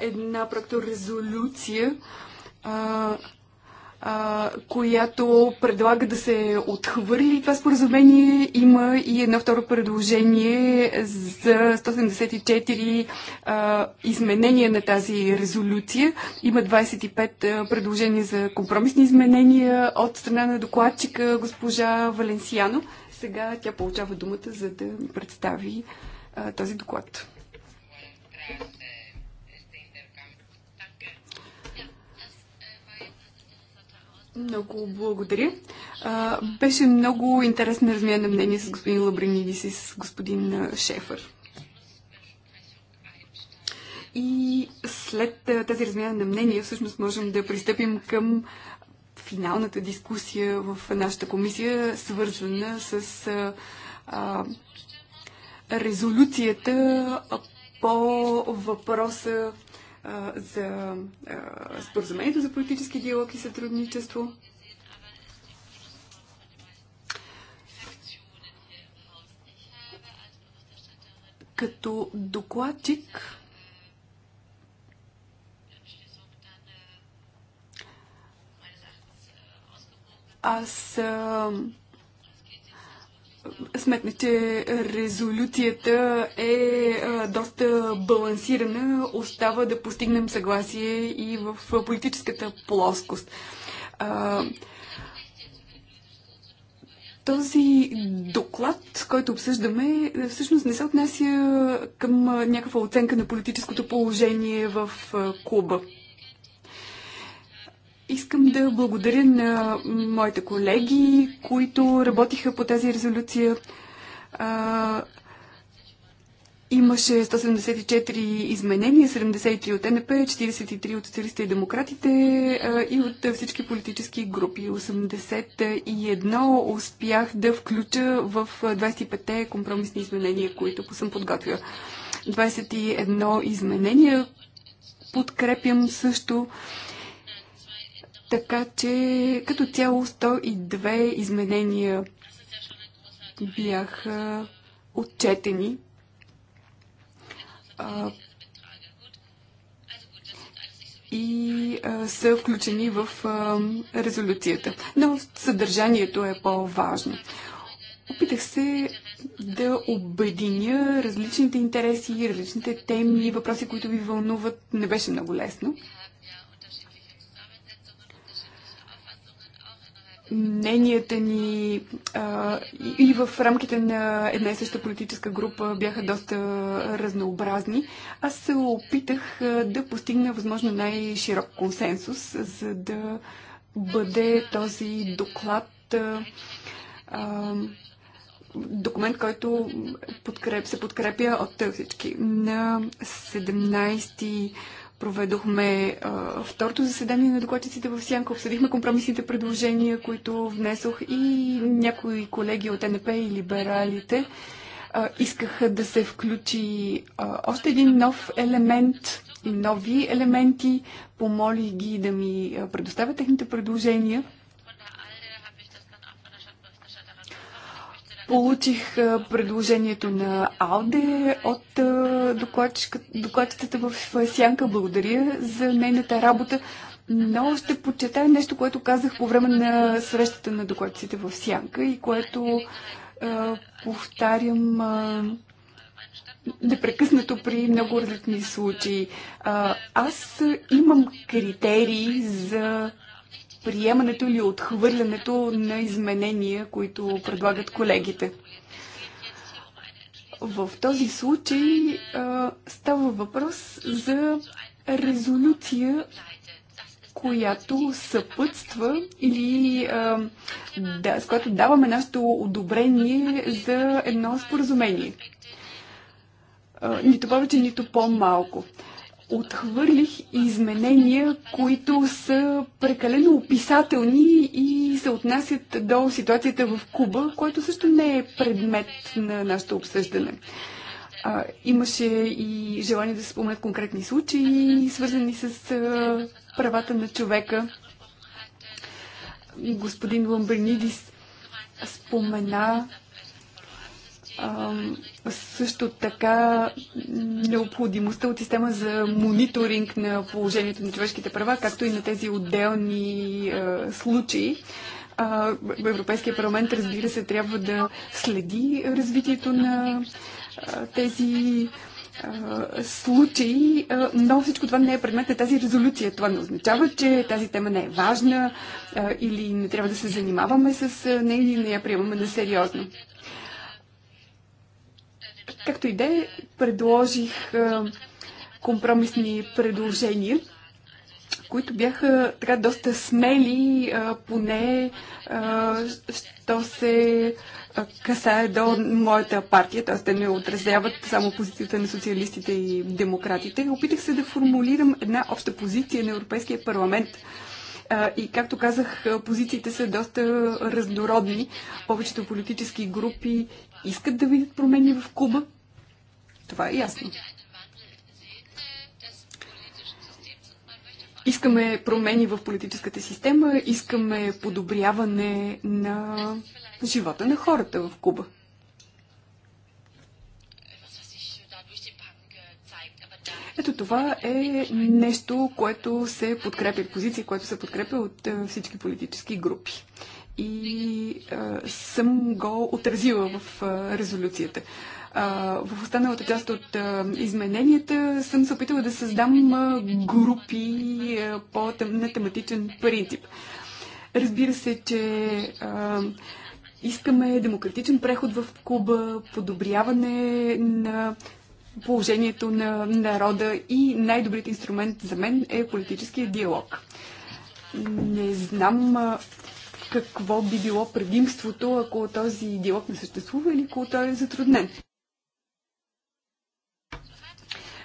една резолюция, а, а, която предлага да се отхвърли това споразумение. Има и едно второ предложение за 174 а, изменения на тази резолюция. Има 25 предложения за компромисни изменения от страна на докладчика госпожа Валенсиано. Сега тя получава думата, за да представи а, този доклад. Thank Много благодаря. А, беше много интересна размяна на мнение с господин Лабринидис и с господин Шефър. И след тази размяна на мнение всъщност можем да пристъпим към финалната дискусия в нашата комисия, свързана с а, а, резолюцията по въпроса за споразумението за политически диалог и сътрудничество. Като докладчик аз а, Сметна, че резолюцията е доста балансирана. Остава да постигнем съгласие и в политическата плоскост. Този доклад, който обсъждаме, всъщност не се отнася към някаква оценка на политическото положение в Куба. Искам да благодаря на моите колеги, които работиха по тази резолюция. А, имаше 174 изменения, 73 от НП, 43 от социалистите и демократите а, и от всички политически групи. 81 успях да включа в 25-те компромисни изменения, които съм подготвила. 21 изменения подкрепям също така че като цяло 102 изменения бяха отчетени. А, и а, са включени в а, резолюцията. Но съдържанието е по-важно. Опитах се да обединя различните интереси, различните теми, въпроси, които ви вълнуват. Не беше много лесно. мненията ни а, и в рамките на една и съща политическа група бяха доста разнообразни. Аз се опитах да постигна възможно най-широк консенсус, за да бъде този доклад а, документ, който подкреп, се подкрепя от всички. На 17 проведохме а, второто заседание на докладчиците в Сянка, обсъдихме компромисните предложения, които внесох и някои колеги от НП и либералите а, искаха да се включи а, още един нов елемент и нови елементи. Помоли ги да ми предоставят техните предложения. Получих предложението на Алде от докладчицата в Сянка. Благодаря за нейната работа. Но ще подчертая нещо, което казах по време на срещата на докладците в Сянка и което а, повтарям а, непрекъснато при много различни случаи. А, аз имам критерии за приемането или отхвърлянето на изменения, които предлагат колегите. В този случай а, става въпрос за резолюция, която съпътства или а, да, с която даваме нашето одобрение за едно споразумение. А, нито повече, нито по-малко. А, отхвърлих изменения, които са прекалено описателни и се отнасят до ситуацията в Куба, което също не е предмет на нашето обсъждане. А, имаше и желание да се спомнят конкретни случаи, свързани с а, правата на човека. Господин Ламбернидис спомена също така необходимостта от система за мониторинг на положението на човешките права, както и на тези отделни случаи. Европейския парламент, разбира се, трябва да следи развитието на тези случаи, но всичко това не е предмет на тази резолюция. Това не означава, че тази тема не е важна или не трябва да се занимаваме с нея или не я приемаме на сериозно. Както и да е, предложих е, компромисни предложения, които бяха така доста смели, е, поне що се касае до моята партия, т.е. те не отразяват само позицията на социалистите и демократите. Опитах се да формулирам една обща позиция на Европейския парламент. И както казах, позициите са доста разнородни. Повечето политически групи искат да видят промени в Куба. Това е ясно. Искаме промени в политическата система, искаме подобряване на живота на хората в Куба. Ето това е нещо, което се подкрепя, позиции, което се подкрепя от е, всички политически групи и а, съм го отразила в а, резолюцията. А, в останалата част от а, измененията съм се опитала да създам а, групи а, по, на тематичен принцип. Разбира се, че а, искаме демократичен преход в Куба, подобряване на положението на народа и най-добрият инструмент за мен е политическия диалог. Не знам какво би било предимството, ако този диалог не съществува или ако той е затруднен.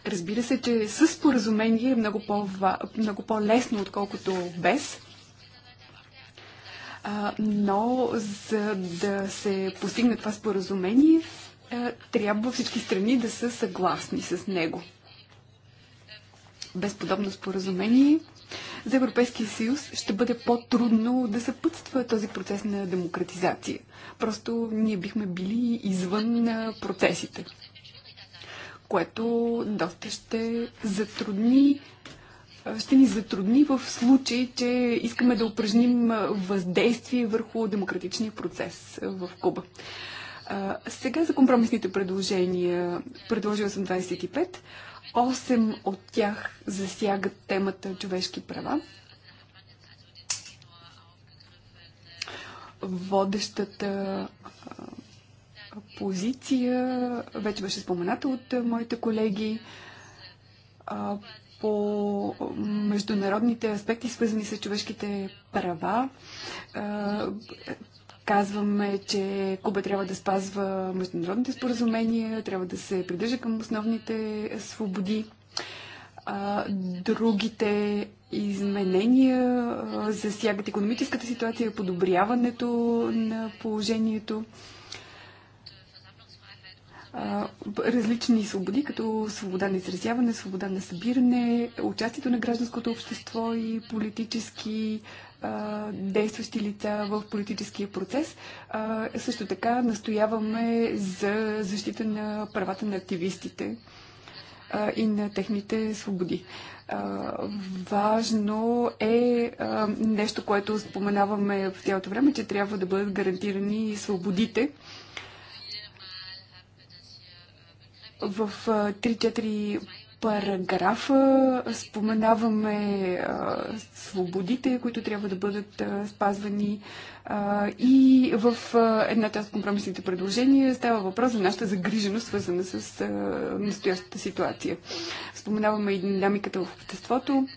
Разбира се, че с споразумение е много, по, много по-лесно, отколкото без. но за да се постигне това споразумение, трябва всички страни да са съгласни с него. Без подобно споразумение за Европейския съюз ще бъде по-трудно да съпътства този процес на демократизация. Просто ние бихме били извън на процесите, което доста ще затрудни ще ни затрудни в случай, че искаме да упражним въздействие върху демократичния процес в Куба. сега за компромисните предложения. Предложила съм 25. Осем от тях засягат темата човешки права. Водещата позиция вече беше спомената от моите колеги по международните аспекти, свързани с човешките права казваме, че Куба трябва да спазва международните споразумения, трябва да се придържа към основните свободи. Другите изменения засягат економическата ситуация, подобряването на положението различни свободи, като свобода на изразяване, свобода на събиране, участието на гражданското общество и политически действащи лица в политическия процес. А, също така настояваме за защита на правата на активистите а, и на техните свободи. А, важно е а, нещо, което споменаваме в цялото време, че трябва да бъдат гарантирани свободите. В 3-4 параграфа споменаваме а, свободите, които трябва да бъдат а, спазвани а, и в а, едната от компромисните предложения става въпрос за нашата загриженост, свързана с а, настоящата ситуация. Споменаваме и динамиката в обществото.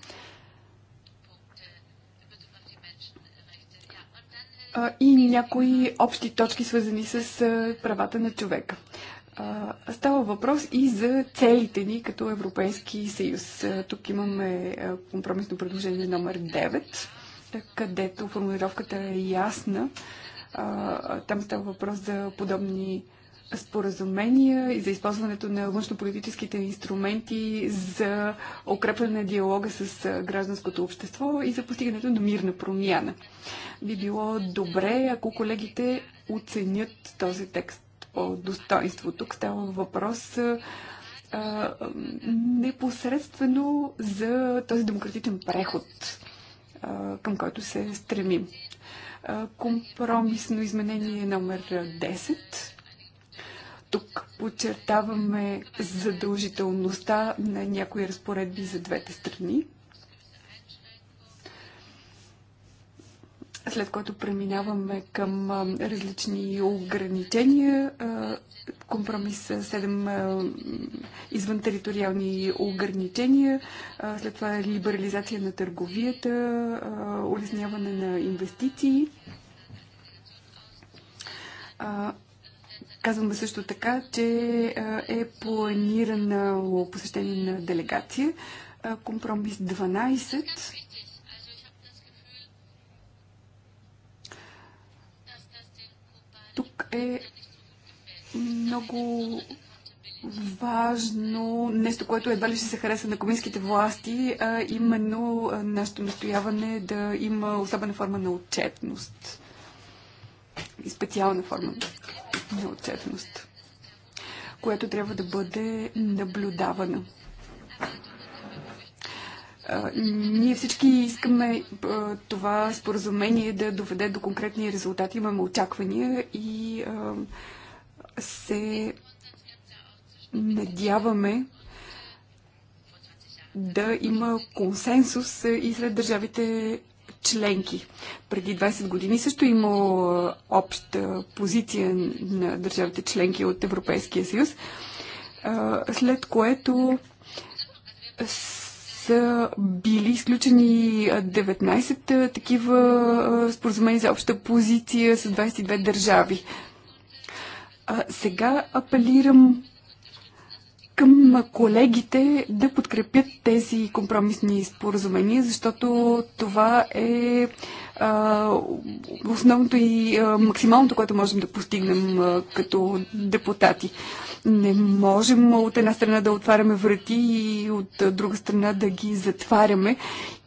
и някои общи точки, свързани с правата на човека. Става въпрос и за целите ни като Европейски съюз. Тук имаме компромисно предложение номер 9, където формулировката е ясна. Там става въпрос за подобни споразумения и за използването на външнополитическите инструменти за укрепване на диалога с гражданското общество и за постигането на мирна промяна. Би било добре, ако колегите оценят този текст достоинство. Тук става въпрос а, непосредствено за този демократичен преход, а, към който се стремим. А, компромисно изменение номер 10. Тук подчертаваме задължителността на някои разпоредби за двете страни. след което преминаваме към различни ограничения. Компромис 7 извън териториални ограничения, след това либерализация на търговията, улесняване на инвестиции. Казваме също така, че е планирано посещение на делегация. Компромис 12 е много важно нещо, което едва ли ще се хареса на коминските власти, а именно нашето настояване да има особена форма на отчетност и специална форма на отчетност, която трябва да бъде наблюдавана. Ние всички искаме това споразумение да доведе до конкретни резултати. Имаме очаквания и се надяваме да има консенсус и сред държавите членки. Преди 20 години също е има обща позиция на държавите членки от Европейския съюз, след което са били изключени 19 такива споразумения за обща позиция с 22 държави. А, сега апелирам към колегите да подкрепят тези компромисни споразумения, защото това е основното и максималното, което можем да постигнем като депутати. Не можем от една страна да отваряме врати и от друга страна да ги затваряме.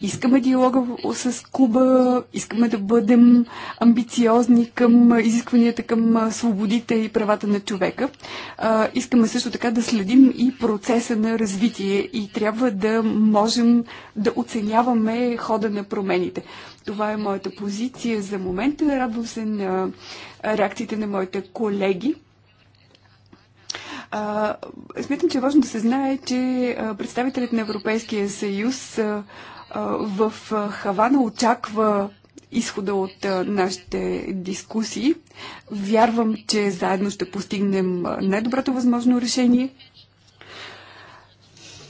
Искаме диалога с Куба, искаме да бъдем амбициозни към изискванията към свободите и правата на човека. Искаме също така да следим и процеса на развитие и трябва да можем да оценяваме хода на промените. Това е моята позиция за момента. Радвам се на реакциите на моите колеги. А, смятам, че е важно да се знае, че представителят на Европейския съюз в Хавана очаква изхода от нашите дискусии. Вярвам, че заедно ще постигнем най-доброто възможно решение,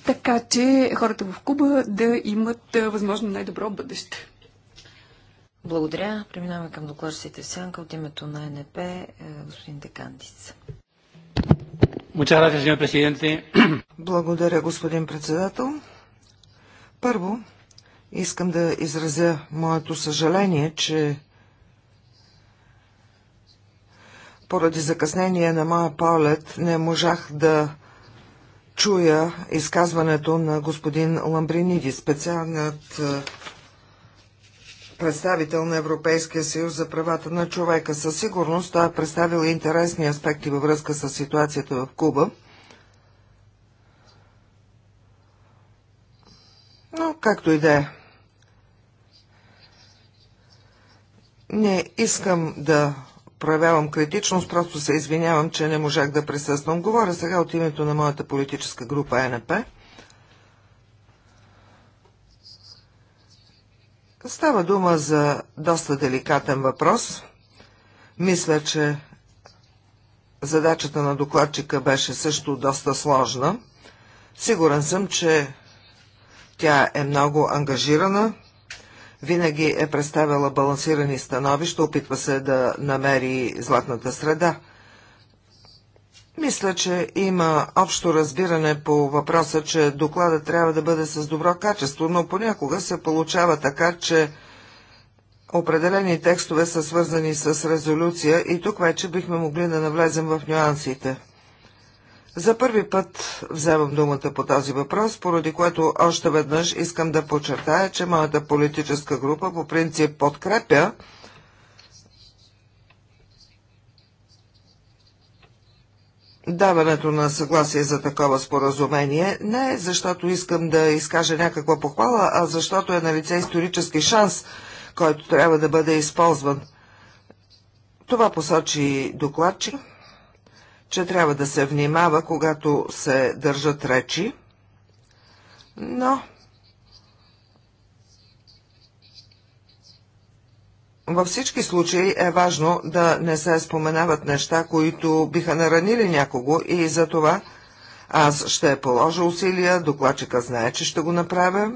така че хората в Куба да имат възможно най-добро бъдеще. Благодаря. Преминаваме към докладчиците в сянка от името на НП, е, господин Декандис. Благодаря, господин председател. Първо, искам да изразя моето съжаление, че поради закъснение на моя палет не можах да чуя изказването на господин Ламбринидис, специалният е, представител на Европейския съюз за правата на човека. Със сигурност той е представил интересни аспекти във връзка с ситуацията в Куба. Но както и да е. Не искам да проявявам критичност, просто се извинявам, че не можах да присъствам. Говоря сега от името на моята политическа група е НП. Става дума за доста деликатен въпрос. Мисля, че задачата на докладчика беше също доста сложна. Сигурен съм, че тя е много ангажирана, винаги е представяла балансирани становища, опитва се да намери златната среда – мисля, че има общо разбиране по въпроса, че доклада трябва да бъде с добро качество, но понякога се получава така, че определени текстове са свързани с резолюция и тук вече бихме могли да навлезем в нюансите. За първи път вземам думата по този въпрос, поради което още веднъж искам да подчертая, че моята политическа група по принцип подкрепя даването на съгласие за такова споразумение не е защото искам да изкажа някаква похвала, а защото е на лице исторически шанс, който трябва да бъде използван. Това посочи докладчик, че трябва да се внимава, когато се държат речи, но във всички случаи е важно да не се споменават неща, които биха наранили някого и за това аз ще положа усилия, докладчика знае, че ще го направя.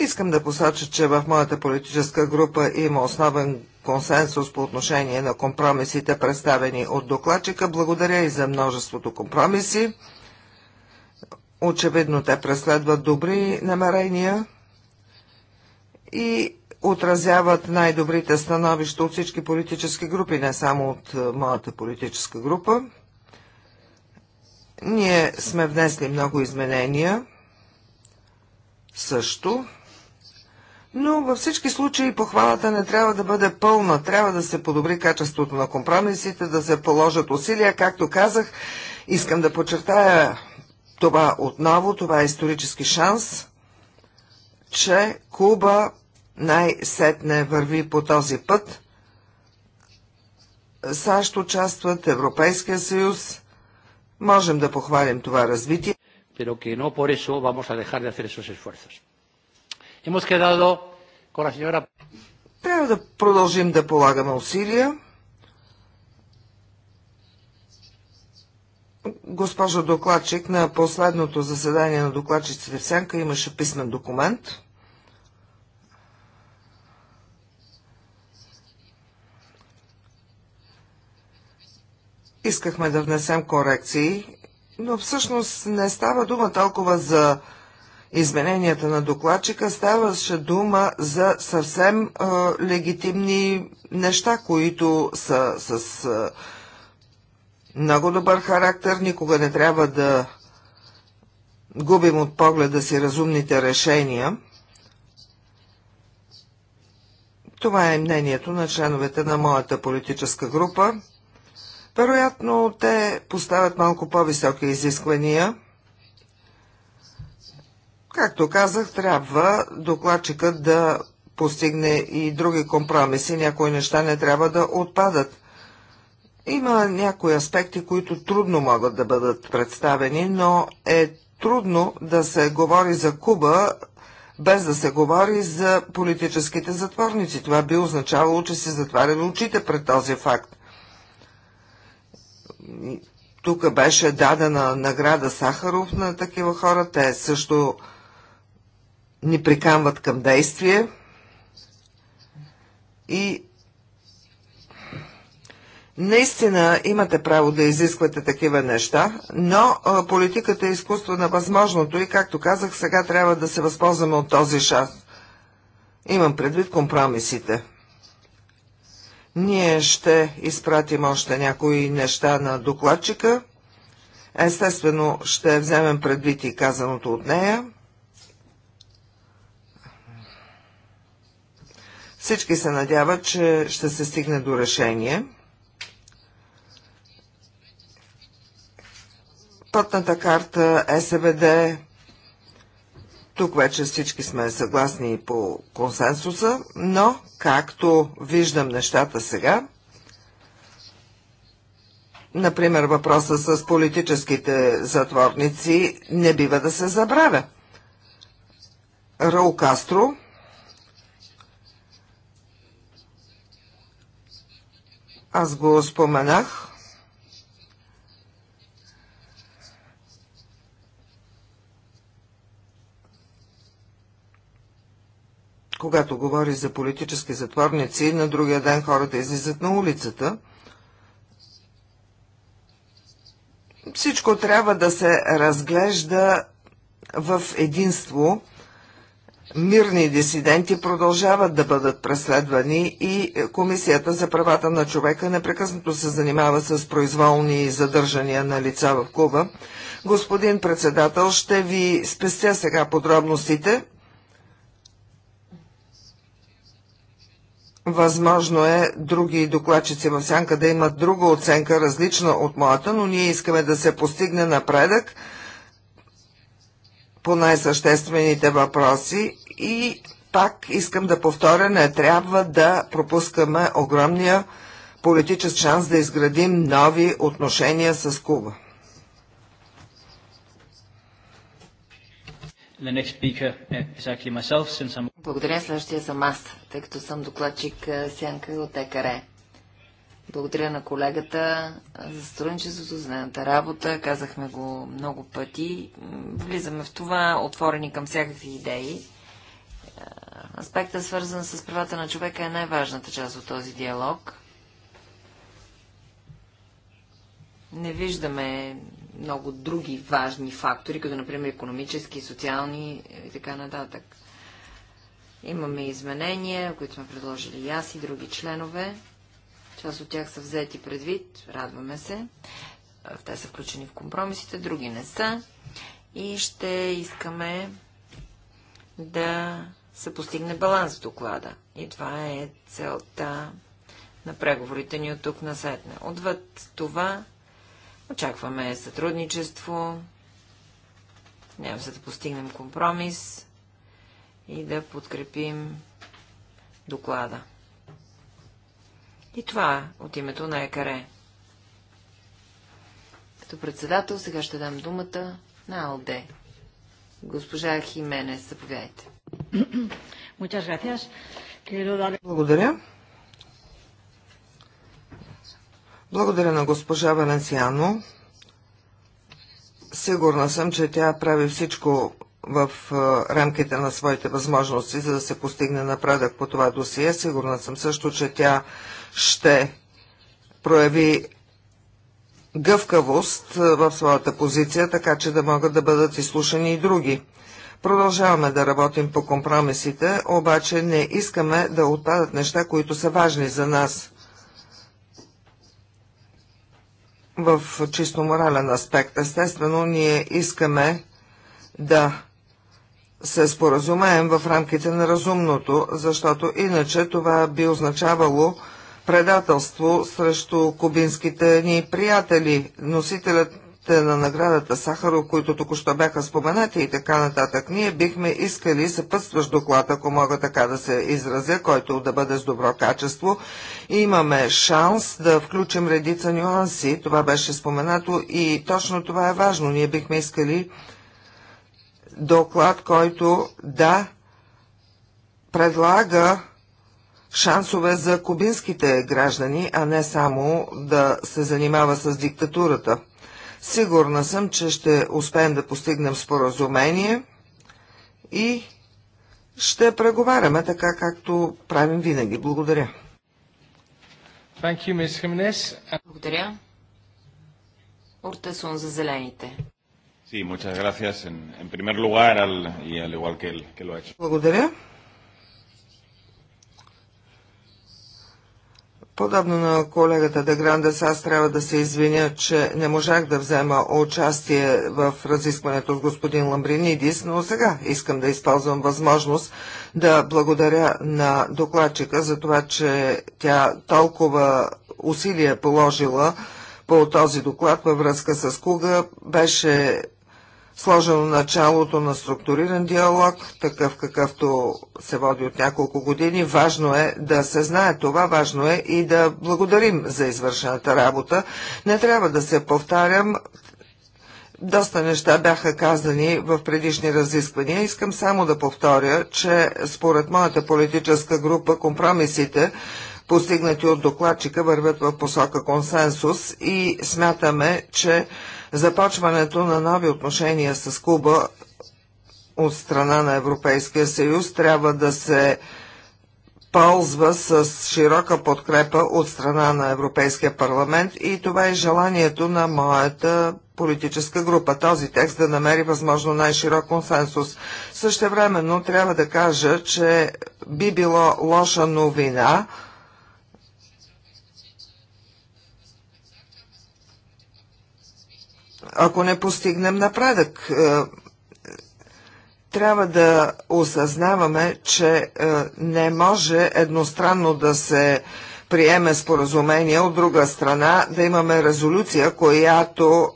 Искам да посоча, че в моята политическа група има основен консенсус по отношение на компромисите, представени от докладчика. Благодаря и за множеството компромиси. Очевидно те преследват добри намерения и отразяват най-добрите становища от всички политически групи, не само от е, моята политическа група. Ние сме внесли много изменения също, но във всички случаи похвалата не трябва да бъде пълна, трябва да се подобри качеството на компромисите, да се положат усилия, както казах, искам да подчертая това отново, това е исторически шанс, че Куба най-сетне върви по този път. САЩ участват, Европейския съюз. Можем да похвалим това развитие. Pero que no por eso vamos a dejar de hacer esos esfuerzos. Hemos quedado con la señora... Трябва да продължим да полагаме усилия. Госпожо докладчик, на последното заседание на докладчиците в Сянка имаше писмен документ. искахме да внесем корекции, но всъщност не става дума толкова за измененията на докладчика, ставаше дума за съвсем е, легитимни неща, които са с е, много добър характер, никога не трябва да губим от погледа си разумните решения. Това е мнението на членовете на моята политическа група. Вероятно те поставят малко по-високи изисквания. Както казах, трябва докладчикът да постигне и други компромиси. Някои неща не трябва да отпадат. Има някои аспекти, които трудно могат да бъдат представени, но е трудно да се говори за Куба, без да се говори за политическите затворници. Това би означавало, че се затваряме очите пред този факт тук беше дадена награда Сахаров на такива хора. Те също ни приканват към действие. И Наистина имате право да изисквате такива неща, но политиката е изкуство на възможното и, както казах, сега трябва да се възползваме от този шанс. Имам предвид компромисите. Ние ще изпратим още някои неща на докладчика. Естествено, ще вземем предвид и казаното от нея. Всички се надяват, че ще се стигне до решение. Пътната карта СВД тук вече всички сме съгласни по консенсуса, но както виждам нещата сега, например въпроса с политическите затворници не бива да се забравя. Рау Кастро Аз го споменах. когато говори за политически затворници, на другия ден хората излизат на улицата. Всичко трябва да се разглежда в единство. Мирни дисиденти продължават да бъдат преследвани и Комисията за правата на човека непрекъснато се занимава с произволни задържания на лица в Куба. Господин председател, ще ви спестя сега подробностите. Възможно е други докладчици в сянка да имат друга оценка, различна от моята, но ние искаме да се постигне напредък по най-съществените въпроси и пак искам да повторя, не трябва да пропускаме огромния политически шанс да изградим нови отношения с Куба. Благодаря, следващия съм аз, тъй като съм докладчик Сянка от ЕКР. Благодаря на колегата за сътрудничеството, за нейната работа. Казахме го много пъти. Влизаме в това, отворени към всякакви идеи. Аспектът, свързан с правата на човека, е най-важната част от този диалог. Не виждаме много други важни фактори, като например економически, социални е, и така нататък. Имаме изменения, които сме предложили и аз и други членове. Част от тях са взети предвид, радваме се. Е, те са включени в компромисите, други не са. И ще искаме да се постигне баланс в доклада. И това е целта на преговорите ни от тук на сетне. Отвъд това Очакваме сътрудничество, няма се да постигнем компромис и да подкрепим доклада. И това е от името на ЕКАРЕ. Като председател сега ще дам думата на АЛДЕ. Госпожа Химене, заповядайте. Благодаря. Благодаря на госпожа Валенсиано. Сигурна съм, че тя прави всичко в рамките на своите възможности, за да се постигне напредък по това досие. Сигурна съм също, че тя ще прояви гъвкавост в своята позиция, така че да могат да бъдат изслушани и други. Продължаваме да работим по компромисите, обаче не искаме да отпадат неща, които са важни за нас. в чисто морален аспект. Естествено, ние искаме да се споразумеем в рамките на разумното, защото иначе това би означавало предателство срещу кубинските ни приятели. Носителят на наградата Сахаро, които току-що бяха споменати и така нататък, ние бихме искали съпътстващ доклад, ако мога така да се изразя, който да бъде с добро качество. И имаме шанс да включим редица нюанси, това беше споменато и точно това е важно. Ние бихме искали доклад, който да предлага шансове за кубинските граждани, а не само да се занимава с диктатурата. Сигурна съм, че ще успеем да постигнем споразумение и ще преговаряме така, както правим винаги. Благодаря. Благодаря. Ортесон за зелените. Благодаря. Подобно на колегата Деграндес, аз трябва да се извиня, че не можах да взема участие в разискването с господин Ламбринидис, но сега искам да използвам възможност да благодаря на докладчика за това, че тя толкова усилия положила по този доклад във връзка с Куга. Беше сложено началото на структуриран диалог, такъв какъвто се води от няколко години. Важно е да се знае това, важно е и да благодарим за извършената работа. Не трябва да се повтарям, доста неща бяха казани в предишни разисквания. Искам само да повторя, че според моята политическа група компромисите, постигнати от докладчика, вървят в посока консенсус и смятаме, че започването на нови отношения с Куба от страна на Европейския съюз трябва да се ползва с широка подкрепа от страна на Европейския парламент и това е желанието на моята политическа група. Този текст да намери възможно най-широк консенсус. Същевременно трябва да кажа, че би било лоша новина – ако не постигнем напредък. Е, трябва да осъзнаваме, че е, не може едностранно да се приеме споразумение, от друга страна да имаме резолюция, която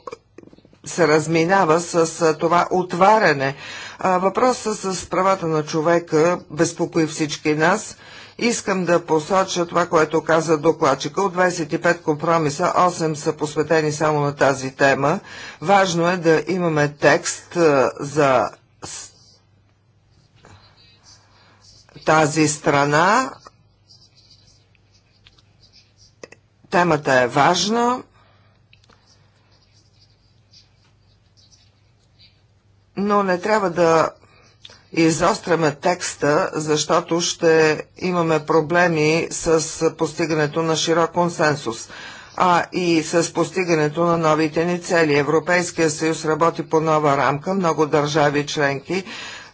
се разминава с е, това отваряне. Въпросът с правата на човека безпокои всички нас – Искам да посоча това, което каза докладчика. От 25 компромиса, 8 са посветени само на тази тема. Важно е да имаме текст за тази страна. Темата е важна. но не трябва да изостряме текста, защото ще имаме проблеми с постигането на широк консенсус а и с постигането на новите ни цели. Европейския съюз работи по нова рамка, много държави членки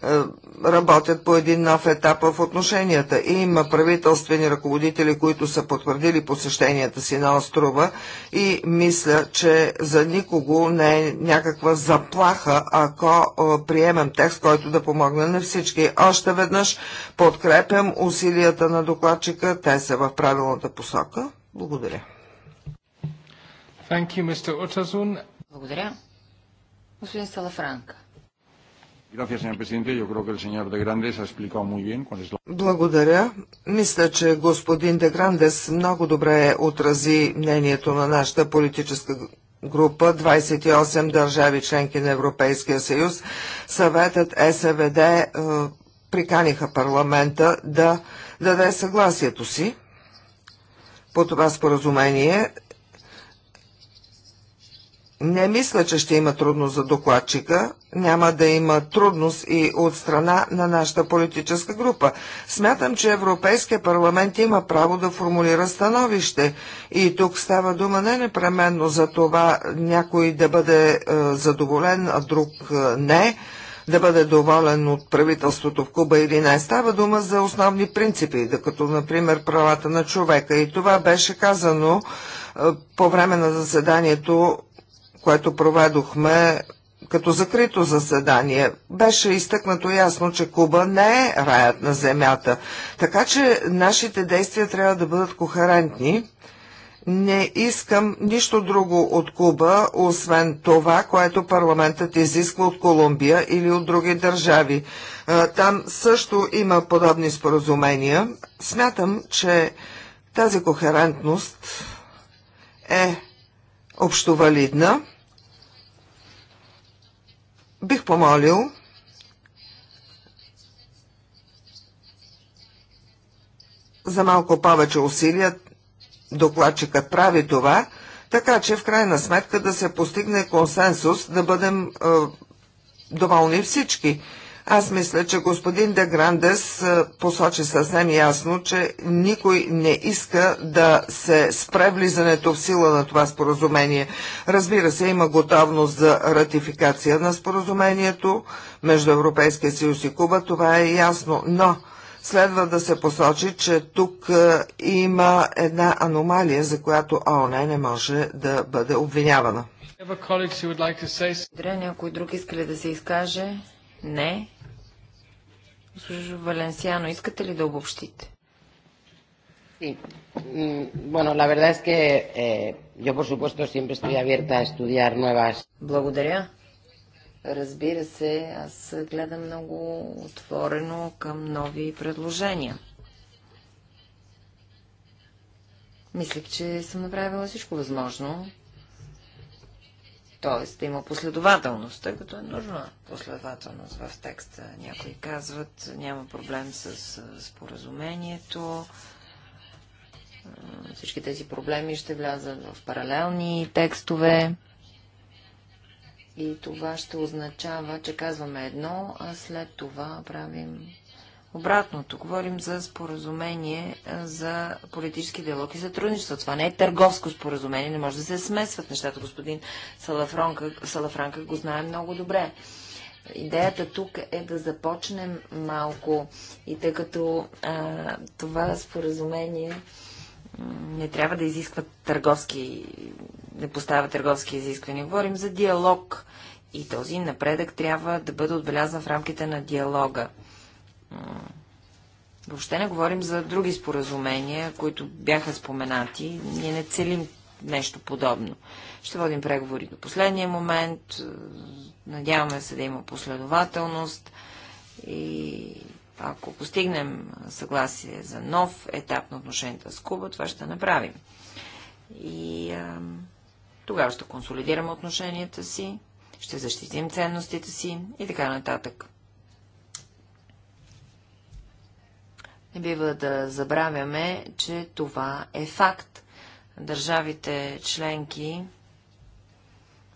е, работят по един нов етап в отношенията. И има правителствени ръководители, които са потвърдили посещенията си на острова и мисля, че за никого не е някаква заплаха, ако е, приемем текст, който да помогне на всички. Още веднъж подкрепям усилията на докладчика. Те са в правилната посока. Благодаря. Thank you, Mr. Благодаря. Господин Салафранка. Благодаря. Мисля, че господин Де Грандес много добре отрази мнението на нашата политическа група 28 държави членки на Европейския съюз. Съветът СВД е, приканиха парламента да даде съгласието си по това споразумение не мисля, че ще има трудност за докладчика, няма да има трудност и от страна на нашата политическа група. Смятам, че Европейския парламент има право да формулира становище и тук става дума не непременно за това някой да бъде е, задоволен, а друг е, не да бъде доволен от правителството в Куба или не. Става дума за основни принципи, като например правата на човека. И това беше казано е, по време на заседанието което проведохме като закрито заседание, беше изтъкнато ясно, че Куба не е раят на земята. Така че нашите действия трябва да бъдат кохерентни. Не искам нищо друго от Куба, освен това, което парламентът изисква от Колумбия или от други държави. Там също има подобни споразумения. Смятам, че тази кохерентност е общовалидна бих помолил за малко повече усилия докладчикът прави това, така че в крайна сметка да се постигне консенсус, да бъдем е, доволни всички. Аз мисля, че господин Де Грандес посочи съвсем ясно, че никой не иска да се спре влизането в сила на това споразумение. Разбира се, има готовност за ратификация на споразумението между Европейския съюз и Куба, това е ясно, но следва да се посочи, че тук има една аномалия, за която ООН не може да бъде обвинявана. Някой друг иска ли да се изкаже? Не. Госпожо Валенсиано, искате ли да обобщите? Sí. Mm, bueno, la verdad es que eh, yo, por supuesto, siempre estoy abierta a estudiar nuevas. Благодаря. Разбира се, аз гледам много отворено към нови предложения. Мислих, че съм направила всичко възможно т.е. да има последователност, тъй като е нужна последователност в текста. Някои казват, няма проблем с споразумението, всички тези проблеми ще влязат в паралелни текстове. И това ще означава, че казваме едно, а след това правим Обратното, говорим за споразумение за политически диалог и сътрудничество. Това не е търговско споразумение, не може да се смесват нещата. Господин Салафранка, Салафранка го знае много добре. Идеята тук е да започнем малко и тъй като а, това споразумение не трябва да изисква търговски, не поставя търговски изисквания. Говорим за диалог и този напредък трябва да бъде отбелязан в рамките на диалога. Въобще не говорим за други споразумения, които бяха споменати. Ние не целим нещо подобно. Ще водим преговори до последния момент. Надяваме се да има последователност и ако постигнем съгласие за нов етап на отношенията с Куба, това ще направим. И а, тогава ще консолидираме отношенията си, ще защитим ценностите си и така нататък. Не бива да забравяме, че това е факт. Държавите членки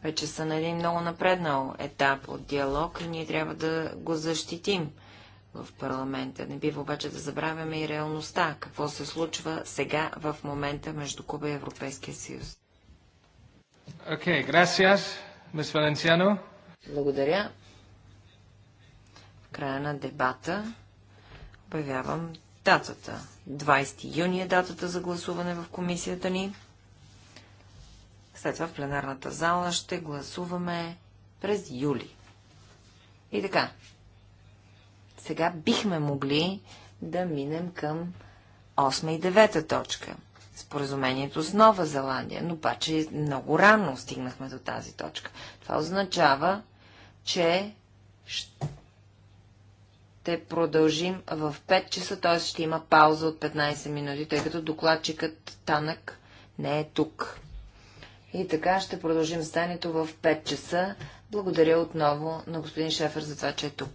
вече са на един много напреднал етап от диалог и ние трябва да го защитим в парламента. Не бива обаче да забравяме и реалността, какво се случва сега в момента между Куба и Европейския съюз. Окей, Мис Валенциано. Благодаря. В края на дебата обявявам датата. 20 юни е датата за гласуване в комисията ни. След това в пленарната зала ще гласуваме през юли. И така. Сега бихме могли да минем към 8 и 9 точка. Споразумението с Нова Зеландия, но паче много рано стигнахме до тази точка. Това означава, че ще продължим в 5 часа, т.е. ще има пауза от 15 минути, тъй като докладчикът Танък не е тук. И така ще продължим станието в 5 часа. Благодаря отново на господин Шефер за това, че е тук.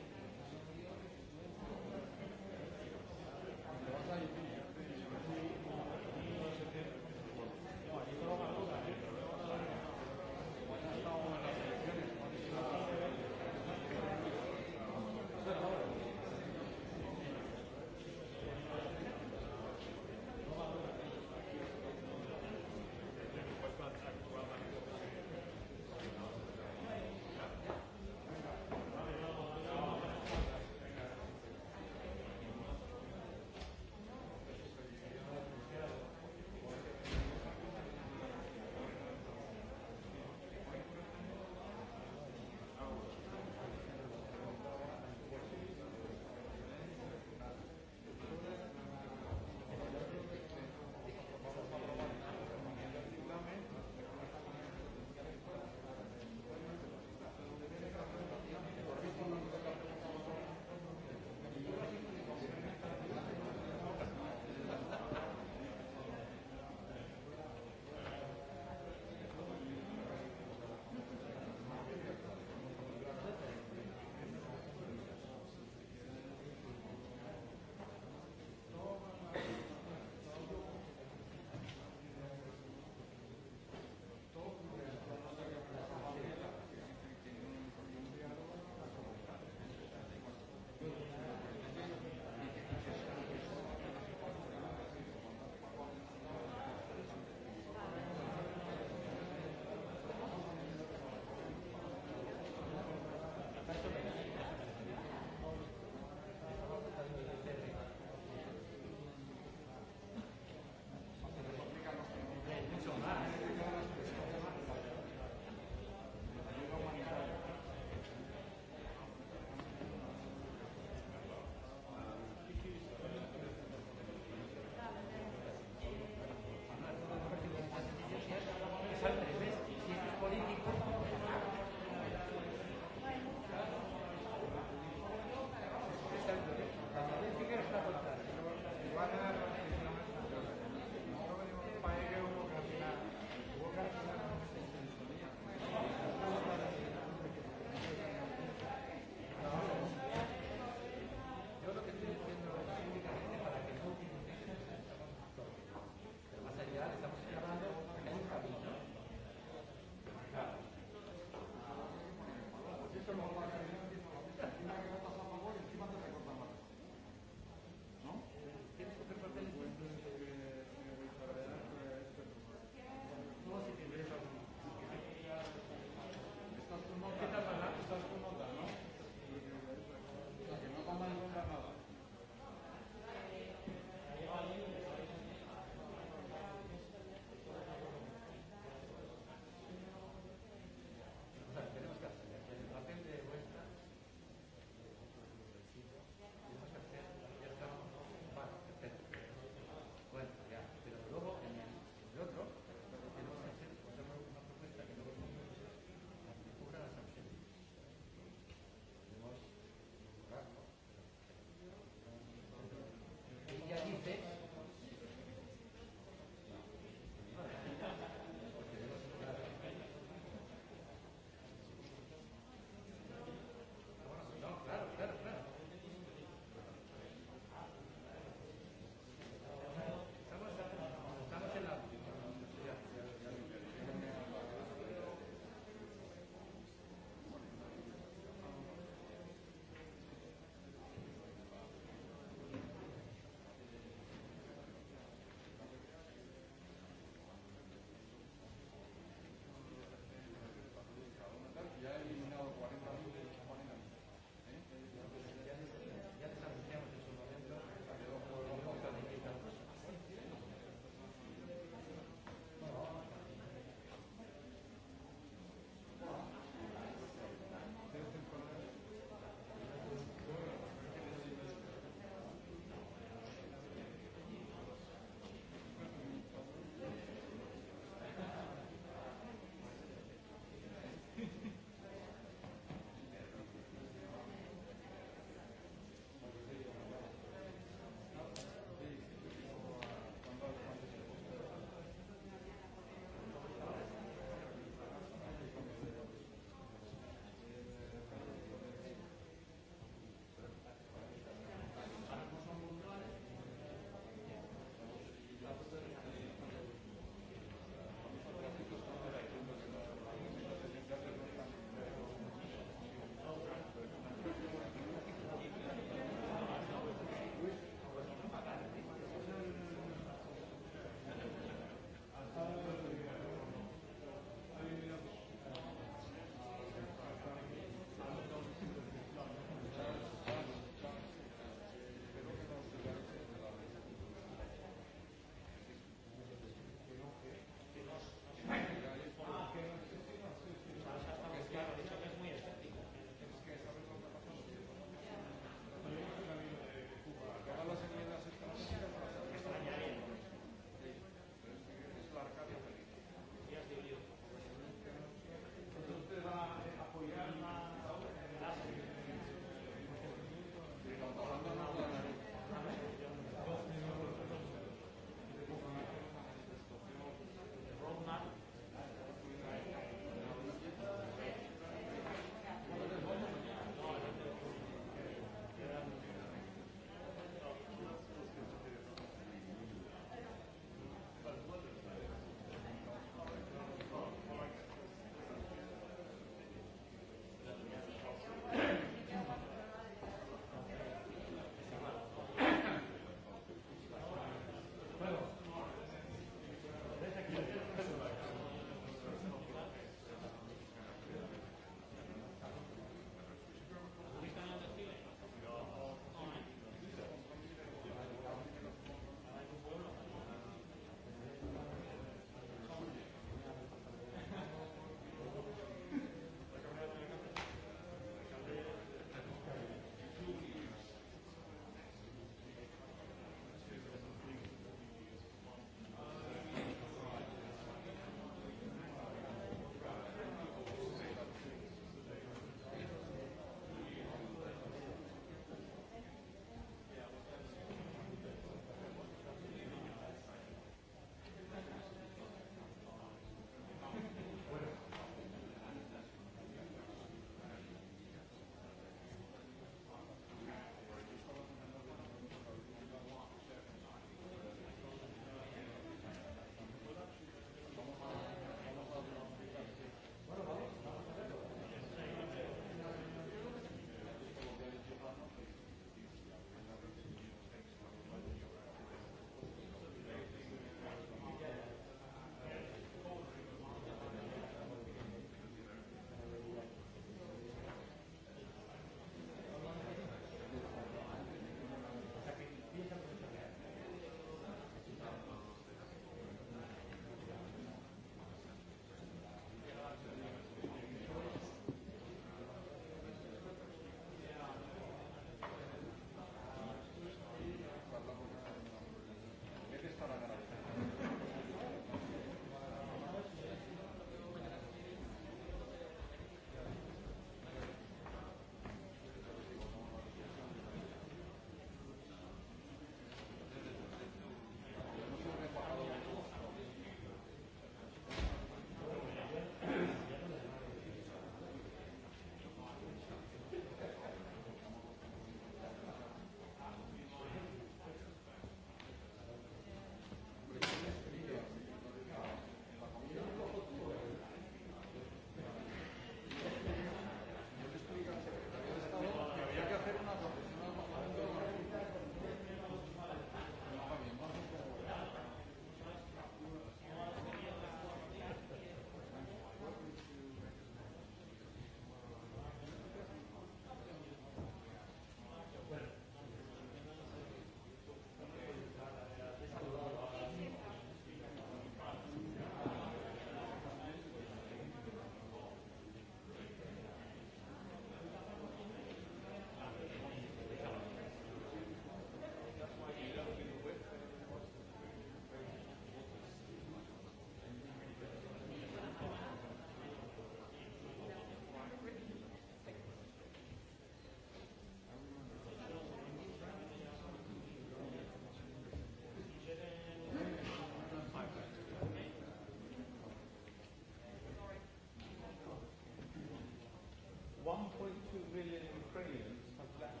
1.2 million Ukrainians have left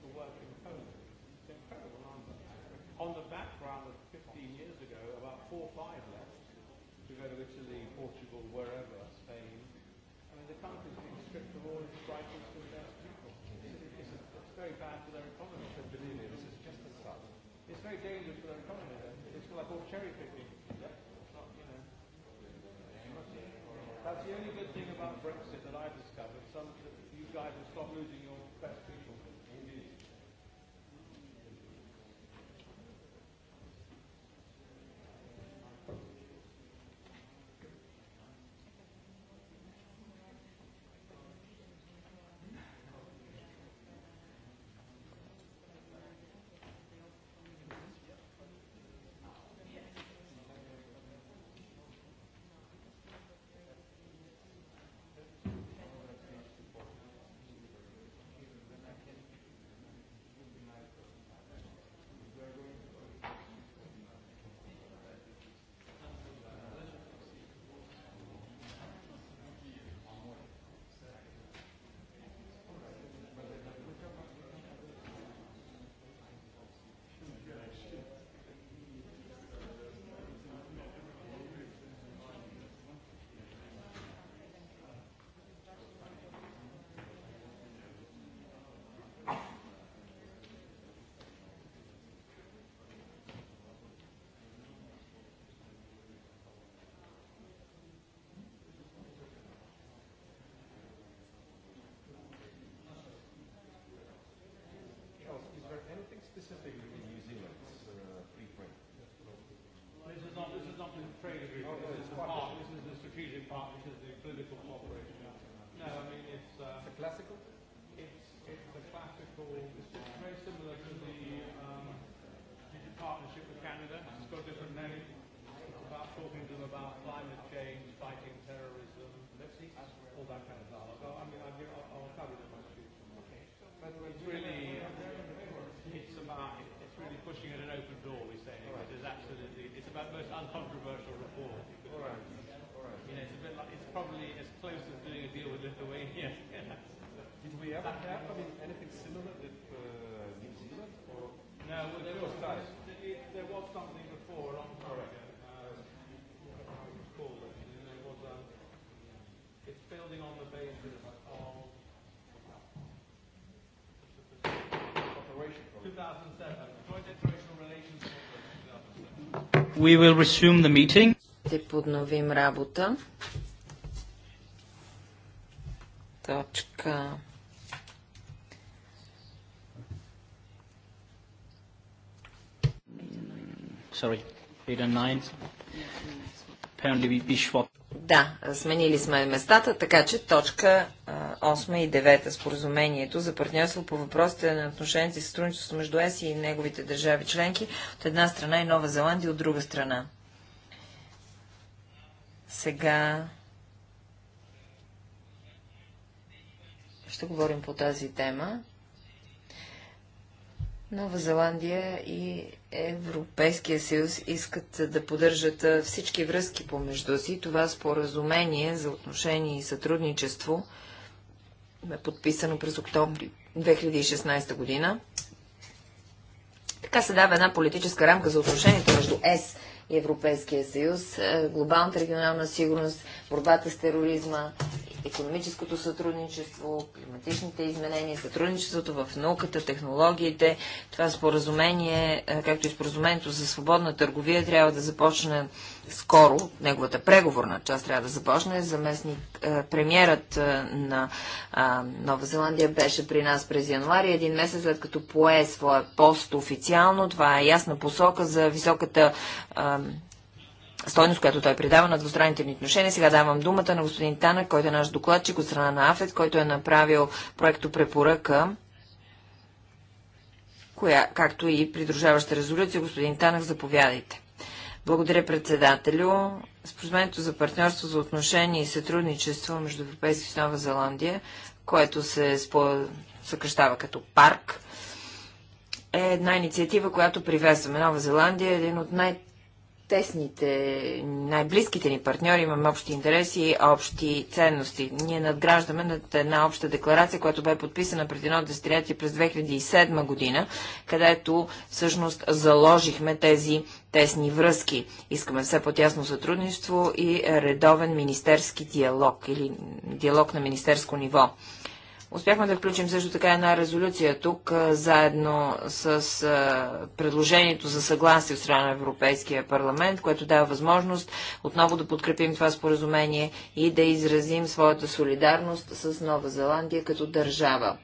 to work in Poland. It's an incredible number. On the background of 15 years ago, about four or five left to go to Italy, Portugal, wherever, Spain. I mean, the country's been stripped of all its rights to the best people. It's, it's very bad for their economy. This is just a start. It's very dangerous for their economy. It's like all cherry picking. That's the only good thing about Brexit that I discovered guys will stop losing specifically in New Zealand uh, free trade. This is not this is not the trade agreement. this is the part. This is the strategic part, which is the political cooperation. No, I mean it's. Uh, it's a classical. It's it's a classical. It's very similar to the um, partnership with Canada. It's got a different name. It's about talking to them about climate change, fighting terrorism, all that kind of. about most uncontroversial reform. All right. All right. You know, it's a bit like, it's probably as close as doing a deal with Lithuania. Did we ever have, I mean, anything similar with uh, New Zealand? Or no, well, there was We will resume the meeting. Ще подновим работа. Точка. Sorry, 8 and 9. Apparently we, we swapped. Да, сменили сме местата, така че точка 8 и 9 споразумението за партньорство по въпросите на отношенията и сътрудничество между ЕС и неговите държави членки от една страна и Нова Зеландия от друга страна. Сега ще говорим по тази тема. Нова Зеландия и Европейския съюз искат да поддържат всички връзки помежду си. Това споразумение за отношение и сътрудничество е подписано през октомври 2016 година. Така се дава една политическа рамка за отношението между ЕС и Европейския съюз, е, глобалната регионална сигурност, борбата с тероризма економическото сътрудничество, климатичните изменения, сътрудничеството в науката, технологиите. Това споразумение, е, както и споразумението за свободна търговия, трябва да започне скоро. Неговата преговорна част трябва да започне. Заместник е, премьерът е, на Нова Зеландия беше при нас през януари, един месец след като пое своя пост официално. Това е ясна посока за високата стойност, която той придава на двустранните ни отношения. Сега давам думата на господин Танък, който е наш докладчик от страна на АФЕД, който е направил проекто препоръка, коя, както и придружаваща резолюция. Господин Танък, заповядайте. Благодаря председателю. Споразумението за партньорство за отношение и сътрудничество между Европейски и Нова Зеландия, което се спо... съкръщава като парк, е една инициатива, която привезваме. Нова Зеландия е един от най- тесните, най-близките ни партньори имаме общи интереси и общи ценности. Ние надграждаме над една обща декларация, която бе подписана преди едно десетилетие през 2007 година, където всъщност заложихме тези тесни връзки. Искаме все по-тясно сътрудничество и редовен министерски диалог или диалог на министерско ниво. Успяхме да включим също така една резолюция тук, заедно с предложението за съгласие от страна на Европейския парламент, което дава възможност отново да подкрепим това споразумение и да изразим своята солидарност с Нова Зеландия като държава.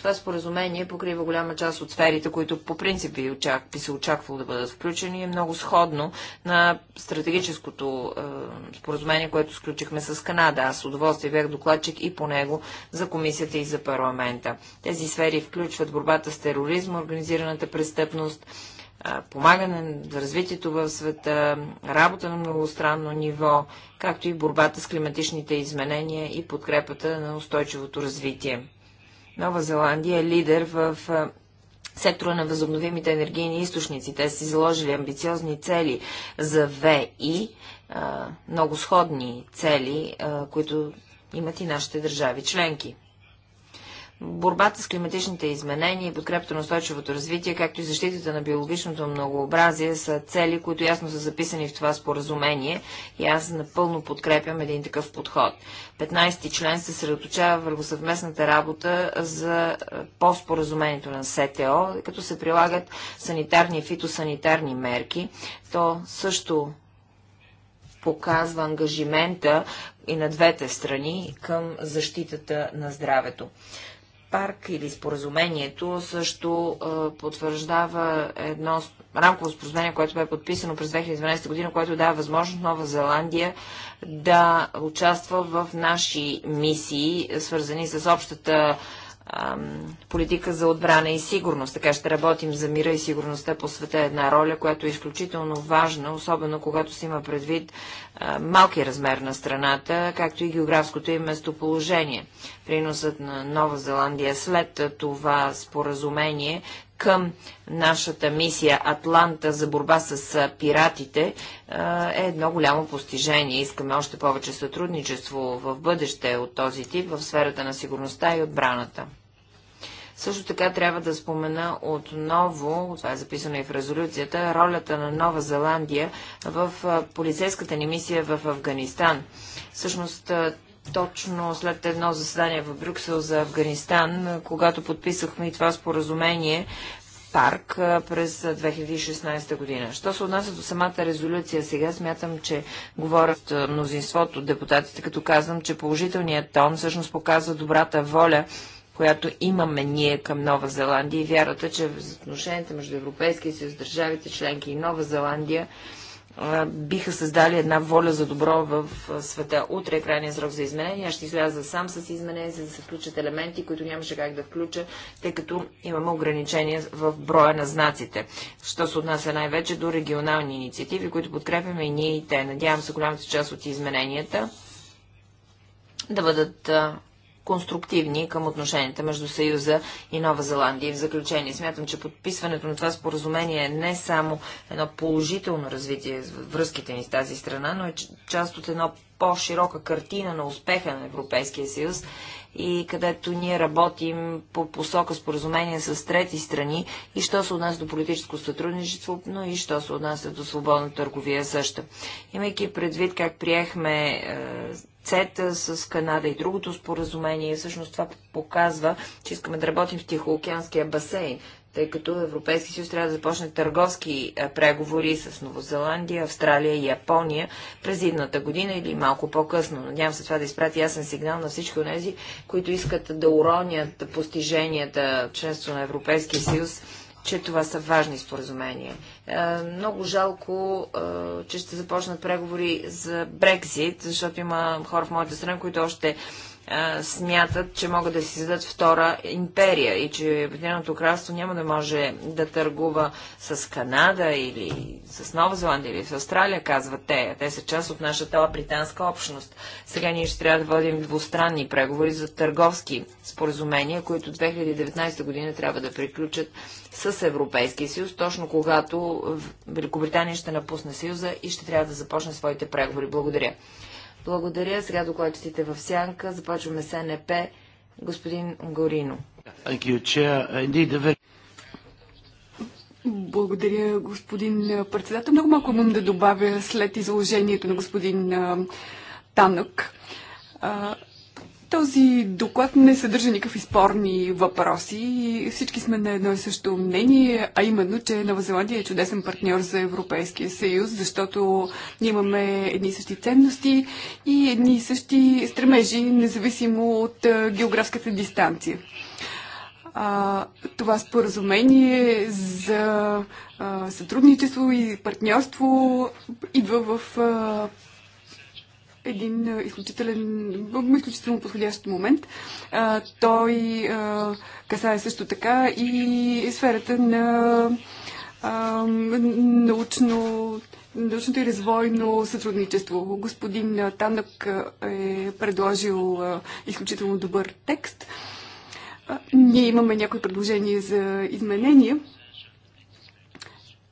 Това споразумение покрива голяма част от сферите, които по принцип би, очак, би се очаквало да бъдат включени. Е много сходно на стратегическото е, споразумение, което сключихме с Канада. Аз с удоволствие бях докладчик и по него за комисията и за парламента. Тези сфери включват борбата с тероризма, организираната престъпност, е, помагане за развитието в света, работа на многостранно ниво, както и борбата с климатичните изменения и подкрепата на устойчивото развитие. Нова Зеландия е лидер в сектора на възобновимите енергийни източници. Те са изложили амбициозни цели за ВИ, много сходни цели, които имат и нашите държави членки. Борбата с климатичните изменения и подкрепата на устойчивото развитие, както и защитата на биологичното многообразие са цели, които ясно са записани в това споразумение и аз напълно подкрепям един такъв подход. 15-ти член се средоточава върху съвместната работа за е, по споразумението на СТО, като се прилагат санитарни и фитосанитарни мерки. То също показва ангажимента и на двете страни към защитата на здравето парк или споразумението също потвърждава едно рамково споразумение, което бе подписано през 2012 година, което дава възможност Нова Зеландия да участва в наши мисии, свързани с общата политика за отбрана и сигурност. Така ще работим за мира и сигурността по света една роля, която е изключително важна, особено когато се има предвид малкия размер на страната, както и географското им местоположение. Приносът на Нова Зеландия след това споразумение към нашата мисия Атланта за борба с пиратите е едно голямо постижение. Искаме още повече сътрудничество в бъдеще от този тип в сферата на сигурността и отбраната. Също така трябва да спомена отново, това е записано и в резолюцията, ролята на Нова Зеландия в полицейската ни мисия в Афганистан. Всъщност, точно след едно заседание в Брюксел за Афганистан, когато подписахме и това споразумение, парк през 2016 година. Що се отнася до самата резолюция сега, смятам, че говорят мнозинството депутатите, като казвам, че положителният тон всъщност показва добрата воля която имаме ние към Нова Зеландия и вярата, че в отношенията между Европейския съюз, държавите членки и Нова Зеландия биха създали една воля за добро в света. Утре е крайният срок за изменение. Аз ще изляза сам с изменения, за да се включат елементи, които нямаше как да включа, тъй като имаме ограничения в броя на знаците. Що се отнася най-вече до регионални инициативи, които подкрепяме и ние и те. Надявам се голямата част от измененията да бъдат конструктивни към отношенията между Съюза и Нова Зеландия. И в заключение смятам, че подписването на това споразумение е не само едно положително развитие в връзките ни с тази страна, но е част от едно по-широка картина на успеха на Европейския съюз и където ние работим по посока споразумение с трети страни и що се отнася до политическо сътрудничество, но и що се отнася до свободна търговия също. Имайки предвид как приехме е, ЦЕТА с Канада и другото споразумение. Всъщност това показва, че искаме да работим в Тихоокеанския басейн, тъй като Европейски съюз трябва да започне търговски преговори с Новозеландия, Австралия и Япония през идната година или малко по-късно. Надявам се това да изпрати ясен сигнал на всички от тези, които искат да уронят постиженията членство на Европейския съюз че това са важни споразумения. Е, много жалко, е, че ще започнат преговори за Брекзит, защото има хора в моята страна, които още смятат, че могат да си създадат втора империя и че Обединеното кралство няма да може да търгува с Канада или с Нова Зеландия или с Австралия, казват те. Те са част от нашата британска общност. Сега ние ще трябва да водим двустранни преговори за търговски споразумения, които 2019 година трябва да приключат с Европейския съюз, точно когато Великобритания ще напусне съюза и ще трябва да започне своите преговори. Благодаря. Благодаря. Сега докладчиците в сянка. Започваме с НП. Господин Горино. Благодаря, господин председател. Много малко имам да добавя след изложението на господин Танък. Този доклад не съдържа никакви спорни въпроси. Всички сме на едно и също мнение, а именно, че Нова Зеландия е чудесен партньор за Европейския съюз, защото ние имаме едни и същи ценности и едни и същи стремежи, независимо от географската дистанция. А, това споразумение за а, сътрудничество и партньорство идва в а, един изключителен, изключително подходящ момент. А, той а, касае също така и сферата на а, научно научното и развойно сътрудничество. Господин Танък е предложил изключително добър текст. Ние имаме някои предложения за изменения.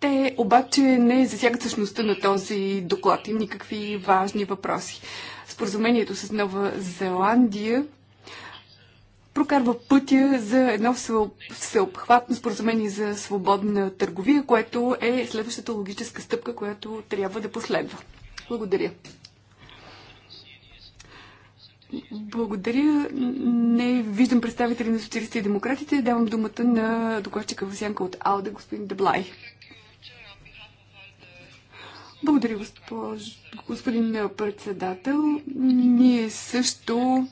Те обаче не засягат същността на този доклад и никакви важни въпроси. Споразумението с Нова Зеландия прокарва пътя за едно всеобхватно споразумение за свободна търговия, което е следващата логическа стъпка, която трябва да последва. Благодаря. Благодаря. Не виждам представители на социалистите и демократите. Давам думата на докладчика Васянка от АЛДА, господин Деблай. Благодаря, госпож... господин председател. Ние също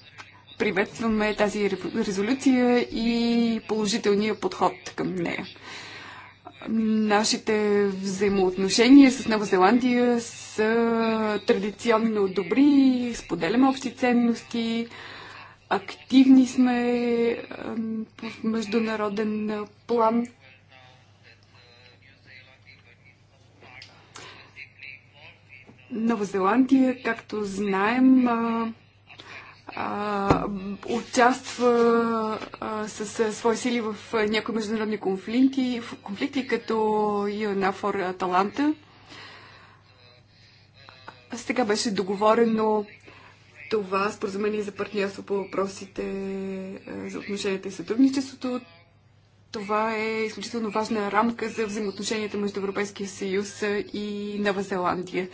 приветстваме тази резолюция и положителния подход към нея. Нашите взаимоотношения с Нова Зеландия са традиционно добри, споделяме общи ценности, активни сме в международен план. Нова Зеландия, както знаем, а, а, участва а, с свои сили в някои международни конфликти, в конфликти като ЮНАФОР Аталанта. сега беше договорено това споразумение за партньорство по въпросите за отношенията и сътрудничеството. Това е изключително важна рамка за взаимоотношенията между Европейския съюз и Нова Зеландия.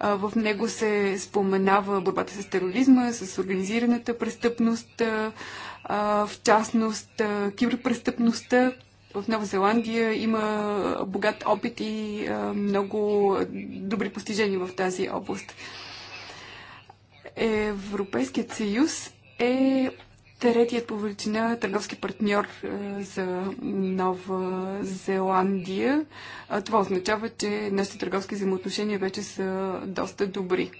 В него се споменава борбата с тероризма, с организираната престъпност, в частност киберпрестъпността. В Нова Зеландия има богат опит и много добри постижения в тази област. Европейският съюз е третият по величина търговски партньор е, за Нова Зеландия. Това означава, че нашите търговски взаимоотношения вече са доста добри.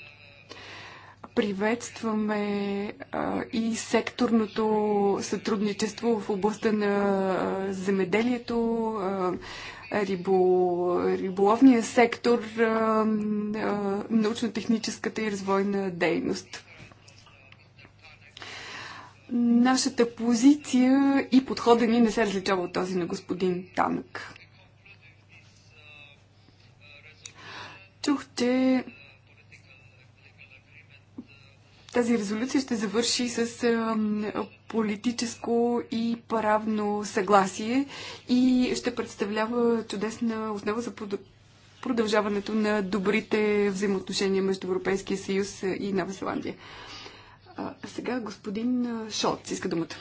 Приветстваме и секторното сътрудничество в областта на земеделието, рибо, риболовния сектор, научно-техническата и развойна дейност. Нашата позиция и подхода ни не се различава от този на господин Танък. Чух, че тази резолюция ще завърши с политическо и правно съгласие и ще представлява чудесна основа за продължаването на добрите взаимоотношения между Европейския съюз и Нова Зеландия. А, сега господин Шолц иска думата.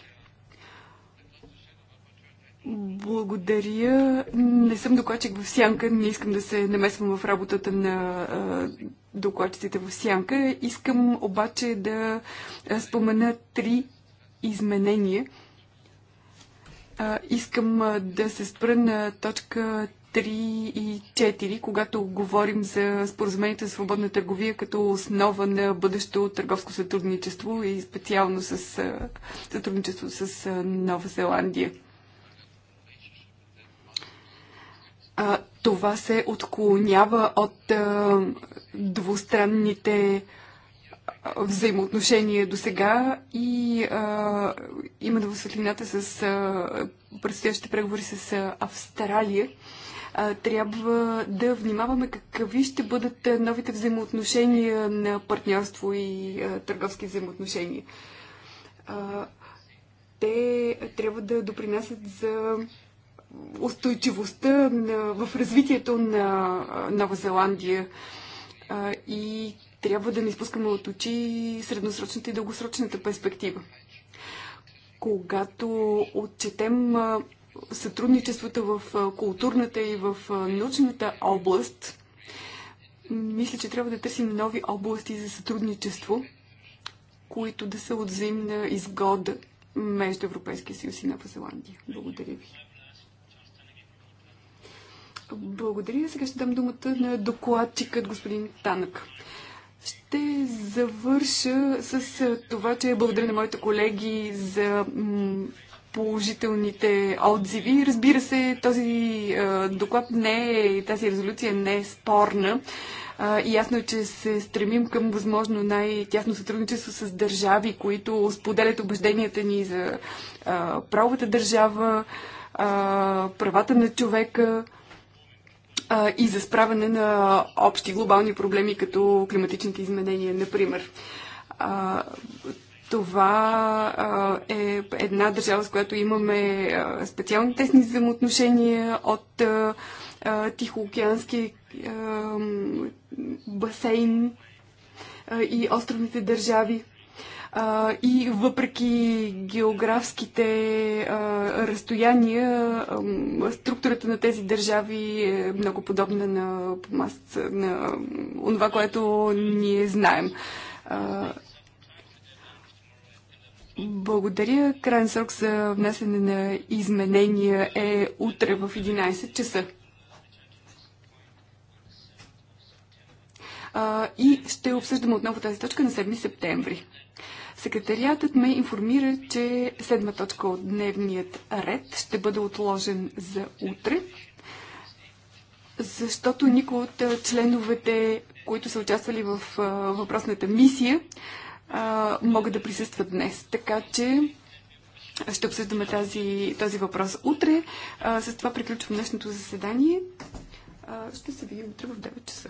Благодаря. Не съм докладчик в Сянка. Не искам да се намесвам в работата на докладчиците в Сянка. Искам обаче да спомена три изменения. Искам да се спра на точка 3 и 4, когато говорим за споразумението за свободна търговия като основа на бъдещо търговско сътрудничество и специално с сътрудничество с Нова Зеландия. А, това се отклонява от а, двустранните взаимоотношения до сега и а, има в светлината с а, предстоящите преговори с а, Австралия трябва да внимаваме какви ще бъдат новите взаимоотношения на партньорство и търговски взаимоотношения. Те трябва да допринасят за устойчивостта в развитието на Нова Зеландия и трябва да не изпускаме от очи средносрочната и дългосрочната перспектива. Когато отчетем сътрудничеството в културната и в научната област. Мисля, че трябва да търсим нови области за сътрудничество, които да са от взаимна изгода между Европейския съюз и Нова Зеландия. Благодаря ви. Благодаря. Сега ще дам думата на докладчикът господин Танък. Ще завърша с това, че благодаря на моите колеги за положителните отзиви. Разбира се, този доклад не е, тази резолюция не е спорна. Ясно е, че се стремим към възможно най-тясно сътрудничество с държави, които споделят убежденията ни за правовата държава, правата на човека и за справяне на общи глобални проблеми, като климатичните изменения, например това а, е една държава, с която имаме а, специални тесни взаимоотношения от а, Тихоокеански а, басейн а, и островните държави. А, и въпреки географските а, разстояния, а, структурата на тези държави е много подобна на, на, на това, което ние знаем. А, благодаря. Крайен срок за внасяне на изменения е утре в 11 часа. и ще обсъждаме отново тази точка на 7 септември. Секретариатът ме информира, че седма точка от дневният ред ще бъде отложен за утре, защото никой от членовете, които са участвали в въпросната мисия, могат да присъстват днес. Така че ще обсъждаме тази, този въпрос утре. А, с това приключвам днешното заседание. А, ще се видим утре в 9 часа.